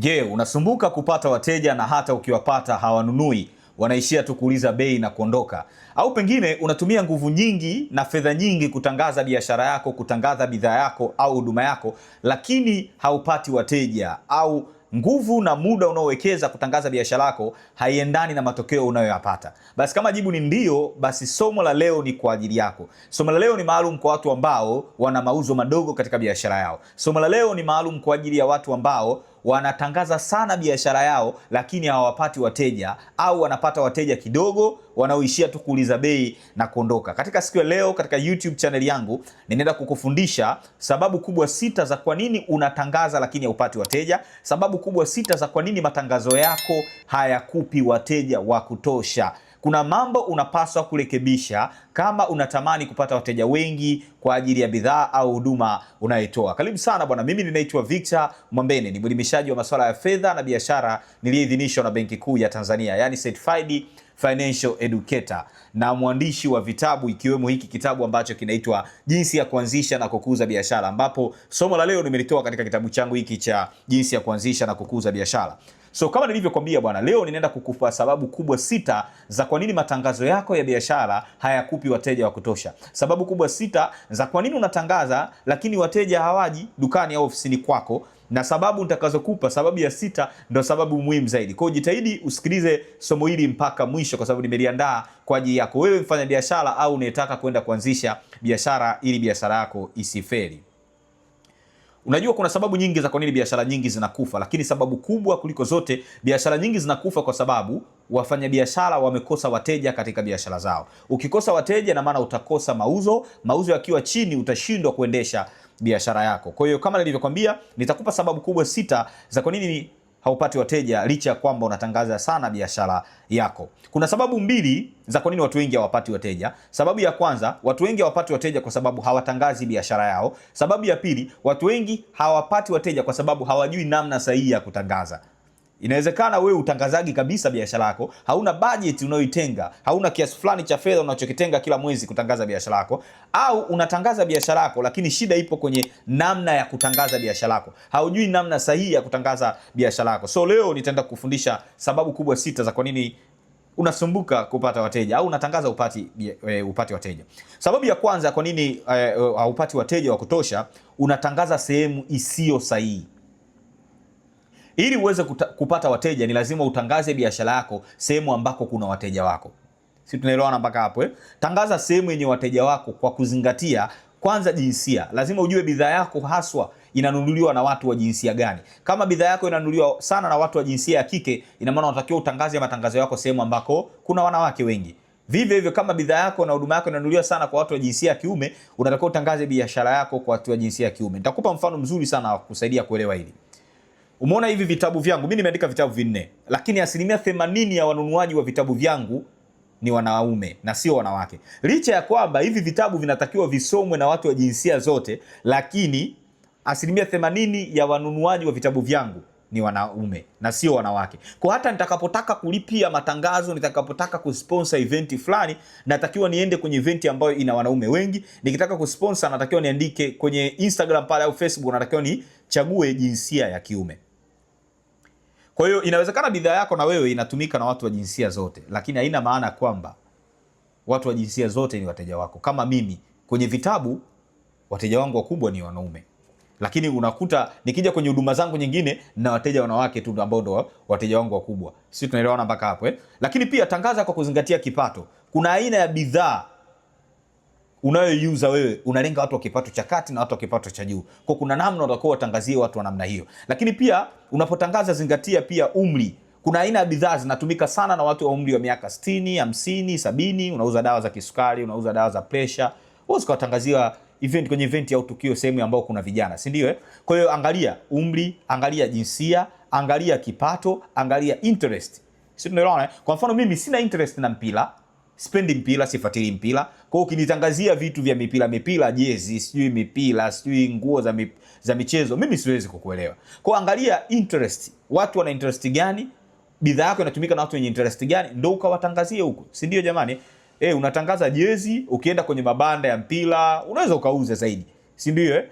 Je, unasumbuka kupata wateja na hata ukiwapata hawanunui, wanaishia tu kuuliza bei na kuondoka? Au pengine unatumia nguvu nyingi na fedha nyingi kutangaza biashara yako, kutangaza bidhaa yako au huduma yako, lakini haupati wateja au nguvu na muda unaowekeza kutangaza biashara yako haiendani na matokeo unayoyapata. Basi kama jibu ni ndio, basi somo la leo ni kwa ajili yako. Somo la leo ni maalum kwa watu ambao wana mauzo madogo katika biashara yao. Somo la leo ni maalum kwa ajili ya watu ambao wanatangaza sana biashara yao, lakini hawapati wateja au wanapata wateja kidogo wanaoishia tu kuuliza bei na kuondoka. Katika siku ya leo, katika YouTube channel yangu ninaenda kukufundisha sababu kubwa sita za kwa nini unatangaza lakini haupati wateja, sababu kubwa sita za kwa nini matangazo yako hayakupi wateja wa kutosha kuna mambo unapaswa kurekebisha kama unatamani kupata wateja wengi kwa ajili ya bidhaa au huduma unayotoa. Karibu sana bwana, mimi ninaitwa Victor Mwambene, ni mwelimishaji wa masuala ya fedha na biashara niliyeidhinishwa na Benki Kuu ya Tanzania, yani certified financial educator na mwandishi wa vitabu ikiwemo hiki kitabu ambacho kinaitwa Jinsi ya Kuanzisha na Kukuza Biashara, ambapo somo la leo nimelitoa katika kitabu changu hiki cha Jinsi ya Kuanzisha na Kukuza Biashara. So kama nilivyokwambia bwana, leo ninaenda kukupa sababu kubwa sita za kwa nini matangazo yako ya biashara hayakupi wateja wa kutosha. Sababu kubwa sita za kwa nini unatangaza lakini wateja hawaji dukani au ofisini kwako na sababu nitakazokupa, sababu ya sita ndo sababu muhimu zaidi. Kwa hiyo jitahidi usikilize somo hili mpaka mwisho, kwa sababu nimeliandaa kwa ajili yako wewe, mfanya biashara au unayetaka kwenda kuanzisha biashara, ili biashara yako isifeli. Unajua kuna sababu nyingi za kwa nini biashara nyingi zinakufa, lakini sababu kubwa kuliko zote, biashara nyingi zinakufa kwa sababu wafanyabiashara wamekosa wateja katika biashara zao. Ukikosa wateja, na maana utakosa mauzo. Mauzo yakiwa chini, utashindwa kuendesha biashara yako. Kwa hiyo kama nilivyokwambia, nitakupa sababu kubwa sita za kwa nini haupati wateja licha ya kwamba unatangaza sana biashara yako. Kuna sababu mbili za kwa nini watu wengi hawapati wateja. Sababu ya kwanza, watu wengi hawapati wateja kwa sababu hawatangazi biashara yao. Sababu ya pili, watu wengi hawapati wateja kwa sababu hawajui namna sahihi ya kutangaza. Inawezekana wewe utangazaji kabisa biashara yako, hauna bajeti unayoitenga, hauna kiasi fulani cha fedha unachokitenga kila mwezi kutangaza biashara yako, au unatangaza biashara yako, lakini shida ipo kwenye namna ya kutangaza biashara yako. Haujui namna sahihi ya kutangaza biashara yako. So leo nitaenda kufundisha sababu kubwa sita za kwa nini unasumbuka kupata wateja au unatangaza upati, e, upati wateja. Sababu ya kwanza kwa nini e, e, haupati uh, uh, wateja wa kutosha, unatangaza sehemu isiyo sahihi. Ili uweze kupata wateja ni lazima utangaze biashara yako sehemu ambako kuna wateja wako. Si tunaelewana mpaka hapo eh? Tangaza sehemu yenye wateja wako kwa kuzingatia kwanza jinsia. Lazima ujue bidhaa yako haswa inanunuliwa na watu wa jinsia gani. Kama bidhaa yako inanunuliwa sana na watu wa jinsia ya kike, ina maana unatakiwa utangaze ya matangazo yako sehemu ambako kuna wanawake wengi. Vivyo hivyo kama bidhaa yako na huduma yako inanunuliwa sana kwa watu wa jinsia ya kiume, unatakiwa utangaze biashara yako kwa watu wa jinsia ya kiume. Nitakupa mfano mzuri sana wa kusaidia kuelewa hili. Umeona hivi vitabu vyangu, mimi nimeandika vitabu vinne, lakini asilimia themanini ya wanunuaji wa vitabu vyangu ni wanaume na sio wanawake, licha ya kwamba hivi vitabu vinatakiwa visomwe na watu wa jinsia zote, lakini asilimia themanini ya wanunuaji wa vitabu vyangu ni wanaume na sio wanawake. Kwa hata nitakapotaka kulipia matangazo, nitakapotaka kusponsor eventi fulani, natakiwa niende kwenye eventi ambayo ina wanaume wengi. Nikitaka kusponsor, natakiwa niandike kwenye Instagram pale au Facebook, natakiwa nichague jinsia ya kiume. Kwa hiyo inawezekana bidhaa yako na wewe inatumika na watu wa jinsia zote, lakini haina maana kwamba watu wa jinsia zote ni wateja wako. Kama mimi kwenye vitabu wateja wangu wakubwa ni wanaume, lakini unakuta nikija kwenye huduma zangu nyingine na wateja wanawake tu ambao ndo wateja wangu wakubwa. Sisi tunaelewana mpaka hapo eh? Lakini pia tangaza kwa kuzingatia kipato. Kuna aina ya bidhaa unayoiuza wewe unalenga watu wa kipato cha kati na watu wa kipato cha juu. Kwa kuna namna watakuwa watangazie watu wa namna hiyo, lakini pia unapotangaza zingatia pia umri. Kuna aina ya bidhaa zinatumika sana na watu wa umri wa miaka 60, 50, 70. Unauza dawa za kisukari, unauza dawa za presha, wewe ukawatangazia event kwenye event au tukio sehemu ambayo kuna vijana, si ndio? Eh, kwa hiyo angalia umri, angalia jinsia, angalia kipato, angalia interest, si tunaelewana? Eh? Kwa mfano mimi sina interest na mpira, sipendi mpira, sifuatili mpira kwao. ukinitangazia vitu vya mipira mipira, jezi sijui mipira sijui nguo za, mip, za michezo, mimi siwezi kukuelewa. Kwao angalia interest, watu wana interest gani, bidhaa yako inatumika na watu wenye interest gani, ndo ukawatangazie huko, si ndio jamani? Eh, unatangaza jezi, ukienda kwenye mabanda ya mpira unaweza ukauza zaidi, si ndio eh?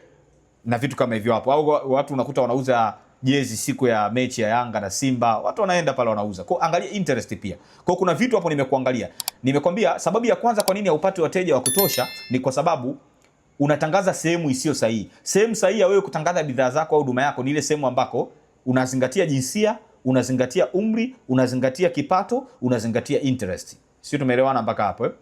na vitu kama hivyo hapo, au watu unakuta wanauza jezi siku ya mechi ya Yanga na Simba, watu wanaenda pale wanauza. Kwa angalia interest pia. Kwa kuna vitu hapo nimekuangalia. Nimekwambia sababu ya kwanza kwa nini haupati wateja wa kutosha ni kwa sababu unatangaza sehemu isiyo sahihi. Sehemu sahihi ya wewe kutangaza bidhaa zako au huduma yako ni ile sehemu ambako unazingatia jinsia, unazingatia umri, unazingatia kipato, unazingatia interest. Sio, tumeelewana mpaka hapo eh?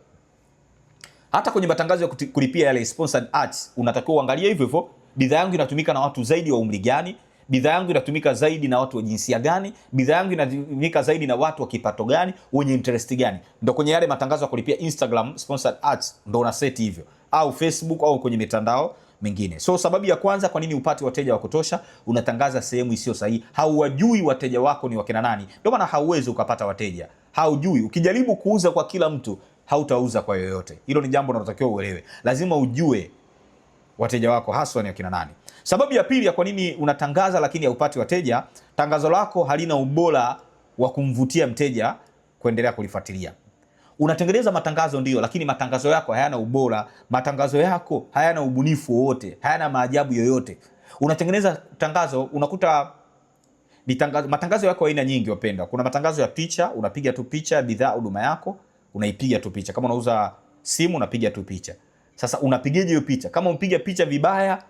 Hata kwenye matangazo ya kulipia yale sponsored ads unatakiwa uangalie hivyo hivyo, bidhaa yangu inatumika na watu zaidi wa umri gani? bidhaa yangu inatumika zaidi na watu wa jinsia gani, bidhaa yangu inatumika zaidi na watu wa kipato gani, wenye interest gani. Ndo kwenye yale matangazo ya kulipia Instagram sponsored ads, ndo una seti hivyo, au Facebook au kwenye mitandao mingine. So sababu ya kwanza kwa nini upate wateja wa kutosha, unatangaza sehemu isiyo sahihi, hauwajui wateja wako ni wakina nani. Ndio maana hauwezi ukapata wateja, haujui. Ukijaribu kuuza kwa kila mtu, hautauza kwa yoyote. Hilo ni jambo unalotakiwa uelewe. Lazima ujue wateja wako haswa ni wakina nani. Sababu ya pili ya kwa nini unatangaza lakini haupati wateja, tangazo lako halina ubora wa kumvutia mteja kuendelea kulifuatilia. Unatengeneza matangazo ndiyo, lakini matangazo yako hayana ubora, matangazo yako hayana ubunifu wowote, hayana maajabu yoyote. Unatengeneza tangazo unakuta Bitangazo, matangazo yako aina nyingi wapendwa. Kuna matangazo ya picha, unapiga tu picha bidhaa huduma yako, unaipiga tu picha. Kama unauza simu unapiga tu picha. Sasa unapigaje hiyo picha? Kama unapiga picha vibaya,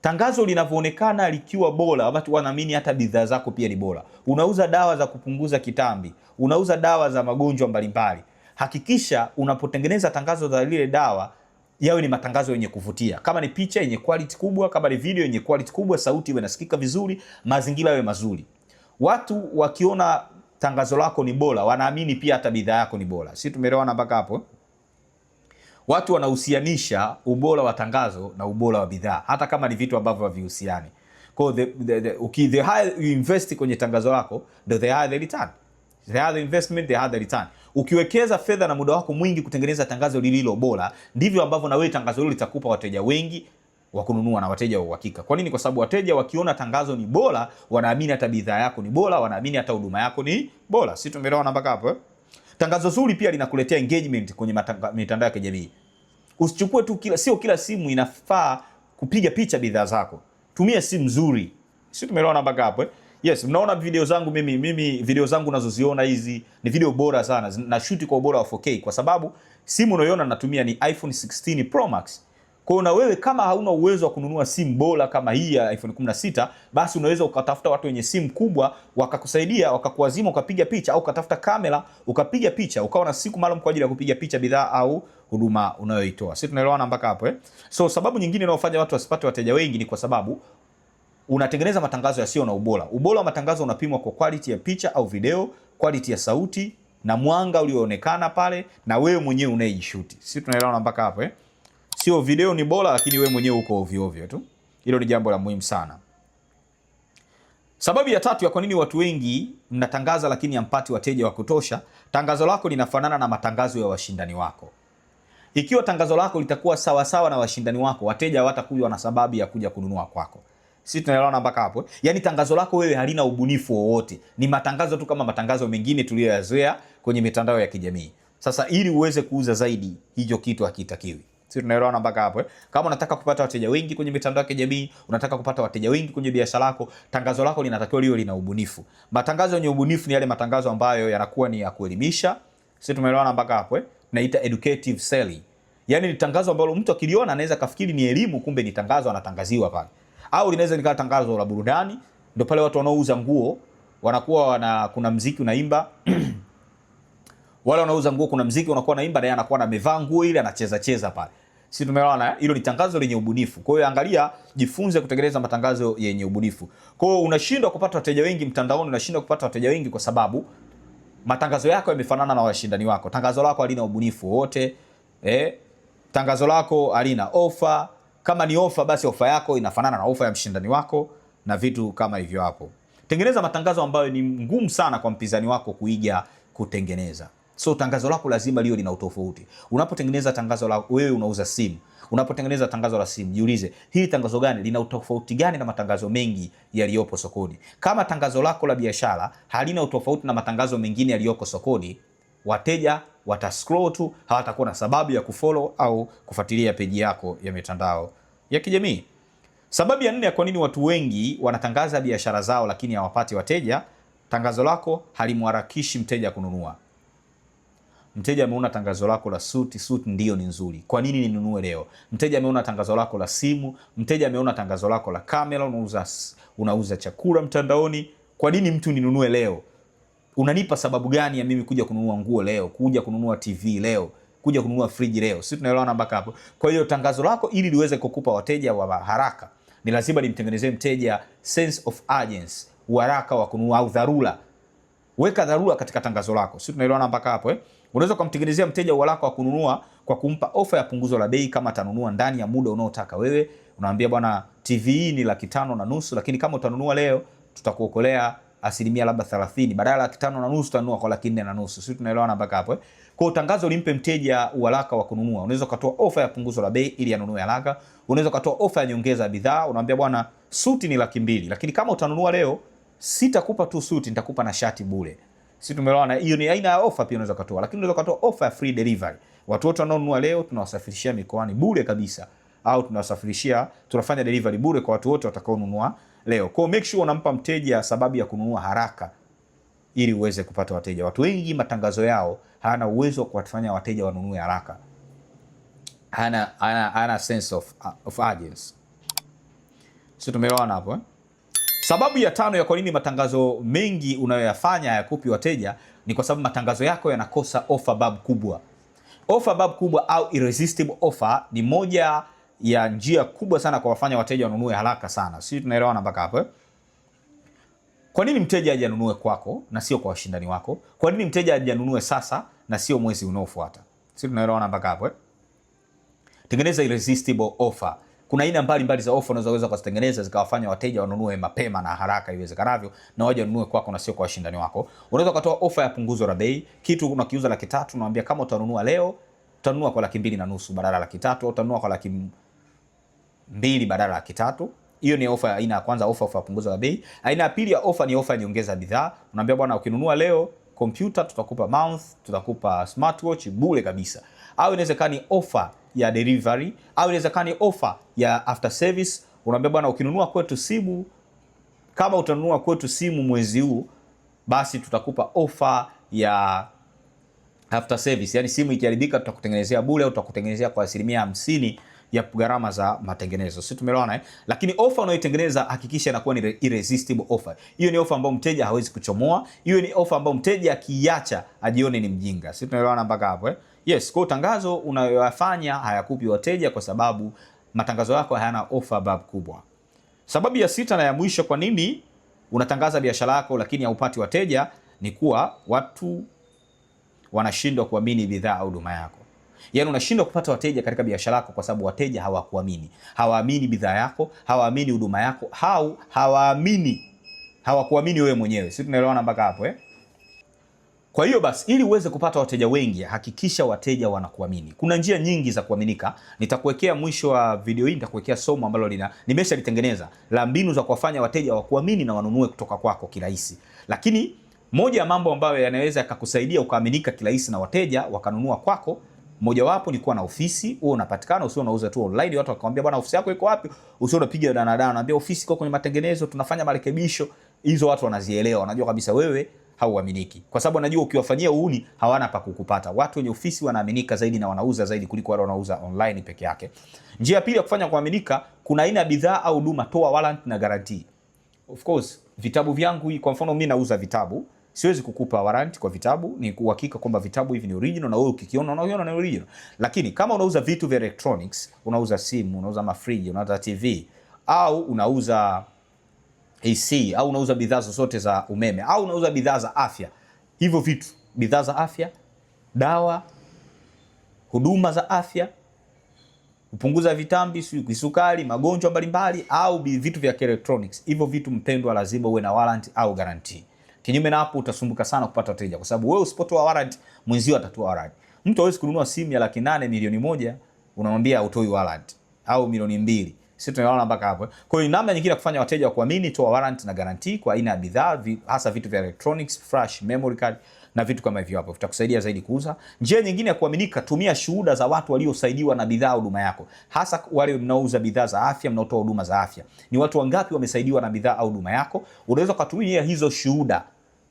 tangazo linavyoonekana likiwa bora, watu wanaamini hata bidhaa zako pia ni bora. Unauza dawa za kupunguza kitambi, unauza dawa za magonjwa mbalimbali. Hakikisha unapotengeneza tangazo za lile dawa yawe ni matangazo yenye kuvutia, kama ni picha yenye quality kubwa, kama ni video yenye quality kubwa, sauti iwe nasikika vizuri, mazingira yawe mazuri. Watu wakiona tangazo lako ni bora, wanaamini pia hata bidhaa yako ni bora. Si tumeelewana mpaka hapo? Watu wanahusianisha ubora wa tangazo na ubora wa bidhaa, hata kama ni vitu ambavyo havihusiani. Kwa the, the, the, okay, the higher you invest kwenye tangazo lako ndo the higher the return. The higher the investment, the higher the return. Ukiwekeza fedha na muda wako mwingi kutengeneza tangazo lililo bora, ndivyo ambavyo na wewe tangazo hilo litakupa wateja wengi wa kununua na wateja wa uhakika. Kwa nini? Kwa sababu wateja wakiona tangazo ni bora, wanaamini hata bidhaa yako ni bora, wanaamini hata huduma yako ni bora. Si tumeelewana mpaka hapo eh? Tangazo zuri pia linakuletea engagement kwenye mitandao ya kijamii. Usichukue tu kila, sio kila simu inafaa kupiga picha bidhaa zako. Tumia simu nzuri, si tumeelewana mpaka hapo eh? Yes, mnaona video zangu mimi, mimi video zangu nazoziona hizi ni video bora sana, na shoot kwa ubora wa 4K kwa sababu simu unayoona natumia ni iPhone 16 Pro Max. Kwa na wewe kama hauna uwezo wa kununua simu bora kama hii ya iPhone 16, basi unaweza ukatafuta watu wenye simu kubwa wakakusaidia, wakakuazima ukapiga picha, au ukatafuta kamera ukapiga picha, ukawa na siku maalum kwa ajili ya kupiga picha bidhaa au huduma unayoitoa. Sisi tunaelewana mpaka hapo eh? So sababu nyingine inayofanya watu wasipate wateja wengi ni kwa sababu unatengeneza matangazo yasiyo na ubora. Ubora wa matangazo unapimwa kwa quality ya picha au video, quality ya sauti na mwanga ulioonekana pale, na wewe mwenyewe unayejishuti. Sisi tunaelewana mpaka hapo eh? sio video ni bora, lakini we mwenyewe uko ovyo ovyo tu. Hilo ni jambo la muhimu sana. Sababu ya tatu ya kwa nini watu wengi mnatangaza lakini hampati wateja wa kutosha, tangazo lako linafanana na matangazo ya washindani wako. Ikiwa tangazo lako litakuwa sawa sawa na washindani wako, wateja hawatakuwa na sababu ya kuja kununua kwako. Sisi tunaelewana mpaka hapo? Eh? Yaani tangazo lako wewe halina ubunifu wowote, ni matangazo tu kama matangazo mengine tuliyoyazoea kwenye mitandao ya kijamii. Sasa ili uweze kuuza zaidi, hicho kitu hakitakiwi si tunaelewana mpaka hapo eh? Kama unataka kupata wateja wengi kwenye mitandao ya kijamii, unataka kupata wateja wengi kwenye biashara yako, tangazo lako linatakiwa liwe lina ubunifu. Matangazo yenye ubunifu ni yale matangazo ambayo yanakuwa ni ya kuelimisha, si tumeelewana mpaka hapo eh? Naita educative selling, yani ni tangazo ambalo mtu akiliona anaweza kafikiri ni elimu, kumbe ni tangazo anatangaziwa pale, au linaweza likawa tangazo la burudani, ndio pale watu wanaouza nguo wanakuwa wana kuna mziki unaimba wale wanauza nguo, kuna mziki unakuwa naimba, naye anakuwa amevaa nguo ile, anacheza cheza pale. Si tumeona eh? hilo ni tangazo lenye ubunifu. Kwa hiyo angalia, jifunze kutengeneza matangazo yenye ubunifu. Kwa hiyo unashindwa kupata wateja wengi mtandaoni, unashindwa kupata wateja wengi kwa sababu matangazo yako yamefanana na washindani wako. Tangazo lako halina ubunifu wote, eh, tangazo lako halina ofa. Kama ni ofa, basi ofa yako inafanana na ofa ya mshindani wako na vitu kama hivyo hapo. Tengeneza matangazo ambayo ni ngumu sana kwa mpinzani wako kuiga kutengeneza. So tangazo lako lazima liwe lina utofauti. Unapotengeneza tangazo la wewe unauza simu, unapotengeneza tangazo la simu, jiulize hili tangazo gani lina utofauti gani na matangazo mengi yaliyopo sokoni? Kama tangazo lako la biashara halina utofauti na matangazo mengine yaliyoko sokoni, wateja watascroll tu, hawatakuwa na sababu ya kufollow au kufuatilia peji yako ya mitandao ya kijamii. Sababu ya nne ya kwa nini watu wengi wanatangaza biashara zao lakini hawapati wateja, tangazo lako halimharakishi mteja kununua. Mteja ameona tangazo lako la suti, suti ndio ni nzuri, kwa nini ninunue leo? Mteja ameona tangazo lako la simu, mteja ameona tangazo lako la kamera, unauza, unauza chakula mtandaoni, kwa nini mtu ninunue leo? Unanipa sababu gani ya mimi kuja kununua nguo leo, kuja kununua TV leo, kuja kununua friji leo? Si tunaelewana mpaka hapo? Kwa hiyo tangazo lako ili liweze kukupa wateja wa haraka, ni lazima limtengenezee mteja sense of urgency, uharaka wa kununua au dharura. Weka dharura katika tangazo lako, si tunaelewana mpaka hapo eh? Unaweza ukamtengenezea mteja uwalako wa kununua kwa kumpa ofa ya punguzo la bei kama atanunua ndani ya muda unaotaka wewe. Unaambia bwana, TV hii ni laki tano na nusu, lakini kama utanunua leo tutakuokolea asilimia labda 30 badala ya laki tano na nusu utanunua kwa laki nne na nusu. Sisi tunaelewana mpaka hapo eh? Kwa tangazo limpe mteja uharaka wa kununua. Unaweza ukatoa ofa ya punguzo la bei ili anunue haraka. Unaweza ukatoa ofa ya nyongeza ya bidhaa. Unaambia bwana, suti ni laki mbili, lakini kama utanunua leo sitakupa tu suti, nitakupa na shati bure si tumeona Hiyo ni aina ya ofa, pia unaweza kutoa, lakini unaweza kutoa ofa ya free delivery. Watu wote wanaonunua leo tunawasafirishia mikoani bure kabisa, au tunawasafirishia, tunafanya delivery bure kwa watu wote watakaonunua leo. Kwa make sure unampa mteja sababu ya kununua haraka ili uweze kupata wateja. Watu wengi matangazo yao hana uwezo wa kuwafanya wateja wanunue haraka, hana, hana, hana sense of, of urgency. Si tumeona hapo eh? Sababu ya tano ya kwa nini matangazo mengi unayoyafanya hayakupi wateja ni kwa sababu matangazo yako yanakosa offer bab kubwa. Offer bab kubwa au irresistible offer ni moja ya njia kubwa sana kwa wafanya wateja wanunue haraka sana. Sisi tunaelewana mpaka hapo eh? Kwa nini mteja aje anunue kwako na sio kwa washindani wako? Kwa nini mteja aje anunue sasa na sio mwezi unaofuata? Sisi tunaelewana mpaka hapo eh? Tengeneza irresistible offer kuna aina mbalimbali za ofa unazoweza kuzitengeneza zikawafanya wateja wanunue mapema na haraka iwezekanavyo, na waje wanunue kwako na sio kwa washindani wako. Unaweza ukatoa ofa ya punguzo la bei, kitu unakiuza laki tatu, unawaambia kama utanunua leo utanunua kwa laki mbili na nusu badala laki tatu, au utanunua kwa laki mbili badala laki tatu. Hiyo ni ofa aina ya kwanza, ofa ofa ya punguzo la bei. Aina ya pili ya ofa ni ofa ya nyongeza bidhaa. Unaambia bwana, ukinunua leo kompyuta tutakupa mouse, tutakupa smartwatch bure kabisa, au inawezekana ni ofa ya delivery au inawezekana ni offer ya after service. Unaambia bwana, ukinunua kwetu simu, kama utanunua kwetu simu mwezi huu, basi tutakupa offer ya after service, yani simu ikiharibika tutakutengenezea bure au tutakutengenezea kwa asilimia hamsini ya gharama za matengenezo. Sisi tumeelewana eh? Lakini ofa unayotengeneza hakikisha inakuwa ni irresistible offer. Hiyo ni ofa ambayo mteja hawezi kuchomoa. Hiyo ni ofa ambayo mteja akiacha ajione ni mjinga. Sisi tumeelewana mpaka hapo eh? Yes, kwa tangazo unayoyafanya hayakupi wateja kwa sababu matangazo yako hayana ofa bab kubwa. Sababu ya sita na ya mwisho kwa nini unatangaza biashara yako lakini haupati wateja ni kuwa watu wanashindwa kuamini bidhaa au huduma yako. Yaani unashindwa kupata wateja katika biashara yako kwa sababu wateja hawakuamini, hawaamini bidhaa yako, hawaamini huduma yako, au hawaamini, hawakuamini wewe mwenyewe. Si tunaelewana mpaka hapo eh? Kwa hiyo basi, ili uweze kupata wateja wengi, hakikisha wateja wanakuamini. Kuna njia nyingi za kuaminika. Nitakuwekea mwisho wa video hii, nitakuwekea somo ambalo lina nimeshalitengeneza la mbinu za kuwafanya wateja wakuamini na wanunue kutoka kwako kirahisi. Lakini moja ya mambo ambayo yanaweza yakakusaidia ukaaminika kirahisi na wateja wakanunua kwako Mojawapo ni kuwa na ofisi, huo unapatikana, usio unauza tu online. Watu wakamwambia bwana, ofisi yako iko wapi? Usio unapiga dana dana, anambia ofisi iko kwenye matengenezo, tunafanya marekebisho. Hizo watu wanazielewa, wanajua kabisa wewe hauaminiki, kwa sababu anajua ukiwafanyia uhuni hawana pa kukupata. Watu wenye ofisi wanaaminika zaidi na wanauza zaidi kuliko wale wanauza online peke yake. Njia ya pili ya kufanya kuaminika, kuna aina ya bidhaa au huduma, toa warrant na guarantee. Of course vitabu vyangu, kwa mfano mimi nauza vitabu Siwezi kukupa warranty kwa vitabu, ni kuhakika kwamba vitabu hivi ni original na wewe ukikiona unaona ni original. Lakini kama unauza vitu vya electronics, unauza simu, unauza mafriji, unauza TV au unauza AC au unauza bidhaa zozote za umeme au unauza bidhaa za afya, hivyo vitu, bidhaa za afya, dawa, huduma za afya kupunguza vitambi, kisukari, magonjwa mbalimbali au vitu vya electronics. Hivyo vitu mpendwa, lazima uwe na warrant au guarantee. Kinyume na hapo utasumbuka sana kupata wateja, kwa sababu wewe usipotoa warrant mwenzio atatoa warrant. Mtu hawezi kununua simu ya laki nane milioni moja unamwambia utoi warrant au milioni mbili. Sisi tunaona mpaka hapo. Eh? Kwa hiyo namna nyingine ya kufanya wateja kuamini, toa warrant na guarantee kwa aina ya bidhaa, vi, hasa vitu vya electronics, flash, memory card na vitu kama hivyo hapo vitakusaidia zaidi kuuza. Njia nyingine ya kuaminika, tumia shuhuda za watu waliosaidiwa na bidhaa huduma yako, hasa wale mnaouza bidhaa za afya, mnaotoa huduma za afya. Ni watu wangapi wamesaidiwa na bidhaa au huduma yako? Unaweza kutumia hizo shuhuda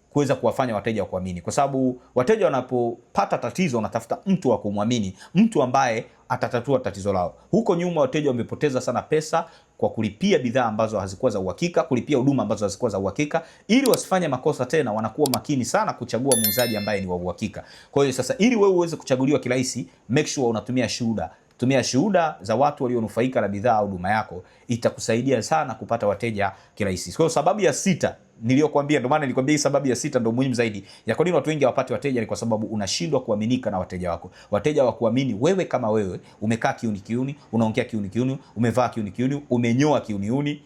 kuweza kuwafanya wateja wa kuamini kwa sababu wateja wanapopata tatizo wanatafuta mtu wa kumwamini, mtu ambaye atatatua tatizo lao. Huko nyuma wateja wamepoteza sana pesa kwa kulipia bidhaa ambazo hazikuwa za uhakika, kulipia huduma ambazo hazikuwa za uhakika. Ili wasifanye makosa tena, wanakuwa makini sana kuchagua muuzaji ambaye ni wa uhakika. Kwa hiyo sasa, ili wewe uweze kuchaguliwa kirahisi, make sure unatumia shuhuda tumia shuhuda za watu walionufaika na bidhaa au huduma yako, itakusaidia sana kupata wateja kirahisi. Kwa sababu ya sita niliyokuambia, ndio maana nilikwambia hii sababu ya sita ndio muhimu zaidi ya kwa nini watu wengi hawapati wateja, ni kwa sababu unashindwa kuaminika na wateja wako. Wateja wa kuamini wewe kama wewe, umekaa kiuni kiuni, unaongea kiuni kiuni, umevaa kiuni kiuni, umenyoa kiuni kiuni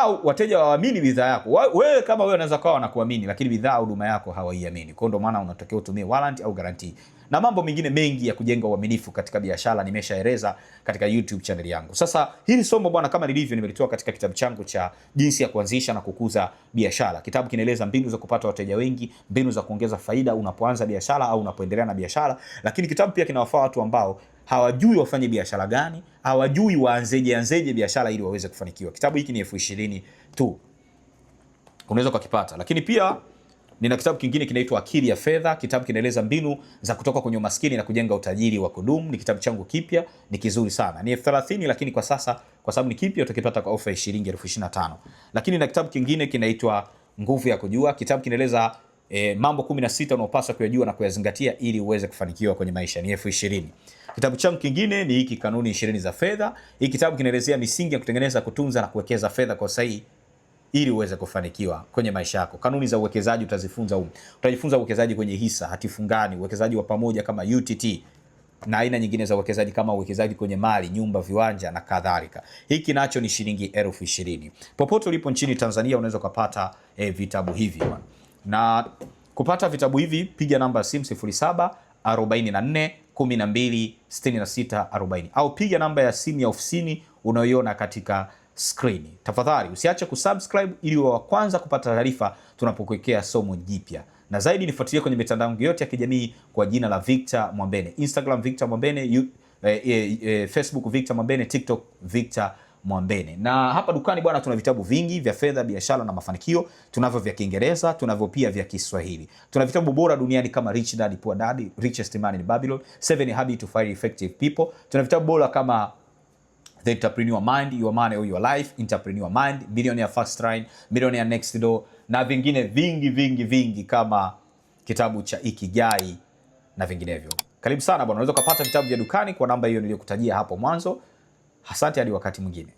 au wateja waamini bidhaa yako wewe. Kama wewe unaweza kuwa wanakuamini, lakini bidhaa huduma yako hawaiamini. Kwa ndo maana unatakiwa utumie warrant au guarantee na mambo mengine mengi ya kujenga uaminifu katika biashara nimeshaeleza katika YouTube channel yangu. Sasa hili somo bwana, kama lilivyo, nimelitoa katika kitabu changu cha jinsi ya kuanzisha na kukuza biashara. Kitabu kinaeleza mbinu za kupata wateja wengi, mbinu za kuongeza faida unapoanza biashara au unapoendelea na biashara, lakini kitabu pia kinawafaa watu ambao hawajui wafanye biashara gani, hawajui waanzeje anzeje biashara ili waweze kufanikiwa. Kitabu hiki ni elfu ishirini tu unaweza ukakipata, lakini pia nina kitabu kingine kinaitwa Akili ya Fedha. Kitabu kinaeleza mbinu za kutoka kwenye umaskini na kujenga utajiri wa kudumu. Ni kitabu changu kipya, ni kizuri sana, ni elfu thelathini lakini kwa sasa kwa sababu ni kipya utakipata kwa ofa ya shilingi elfu ishirini na tano. Lakini na kitabu kingine kinaitwa Nguvu ya Kujua. Kitabu kinaeleza e, mambo kumi na sita unaopaswa kuyajua na kuyazingatia ili uweze kufanikiwa kwenye maisha, ni elfu ishirini. Kitabu changu kingine ni hiki Kanuni Ishirini za Fedha. hii kitabu kinaelezea misingi ya kutengeneza, kutunza na kuwekeza fedha kwa sahihi ili uweze kufanikiwa kwenye maisha yako. Kanuni za uwekezaji utazifunza huko. Utajifunza uwekezaji kwenye hisa, hatifungani, uwekezaji wa pamoja kama UTT na aina nyingine za uwekezaji kama uwekezaji kwenye mali, nyumba, viwanja na kadhalika. Hiki nacho ni shilingi elfu ishirini. Popote ulipo nchini Tanzania unaweza kupata eh, vitabu hivi na kupata vitabu hivi piga namba simu 0744 12 au piga namba ya simu ya ofisini unayoiona katika skrini Tafadhali usiache kusubscribe ili wa kwanza kupata taarifa tunapokuwekea somo jipya, na zaidi nifuatilie kwenye mitandao yangu yote ya kijamii kwa jina la Victor Mwambene, Instagram Victor Mwambene, eh, eh, eh, Facebook Victor Mwambene, TikTok Victor Mwambene. Na hapa dukani bwana, tuna vitabu vingi vya fedha, biashara na mafanikio. Tunavyo vya Kiingereza, tunavyo pia vya Kiswahili. Tuna vitabu bora duniani kama Rich Dad Poor Dad, Richest Man in Babylon, Seven Habits to Fire Effective People. Tuna vitabu bora kama The Entrepreneur Mind, Your Money or Your Life, Entrepreneur Mind, Millionaire Fast Train, Millionaire Next Door na vingine vingi vingi vingi kama kitabu cha Ikigai na vinginevyo. Karibu sana bwana, unaweza kupata vitabu vya dukani kwa namba hiyo niliyokutajia hapo mwanzo. Asante hadi wakati mwingine.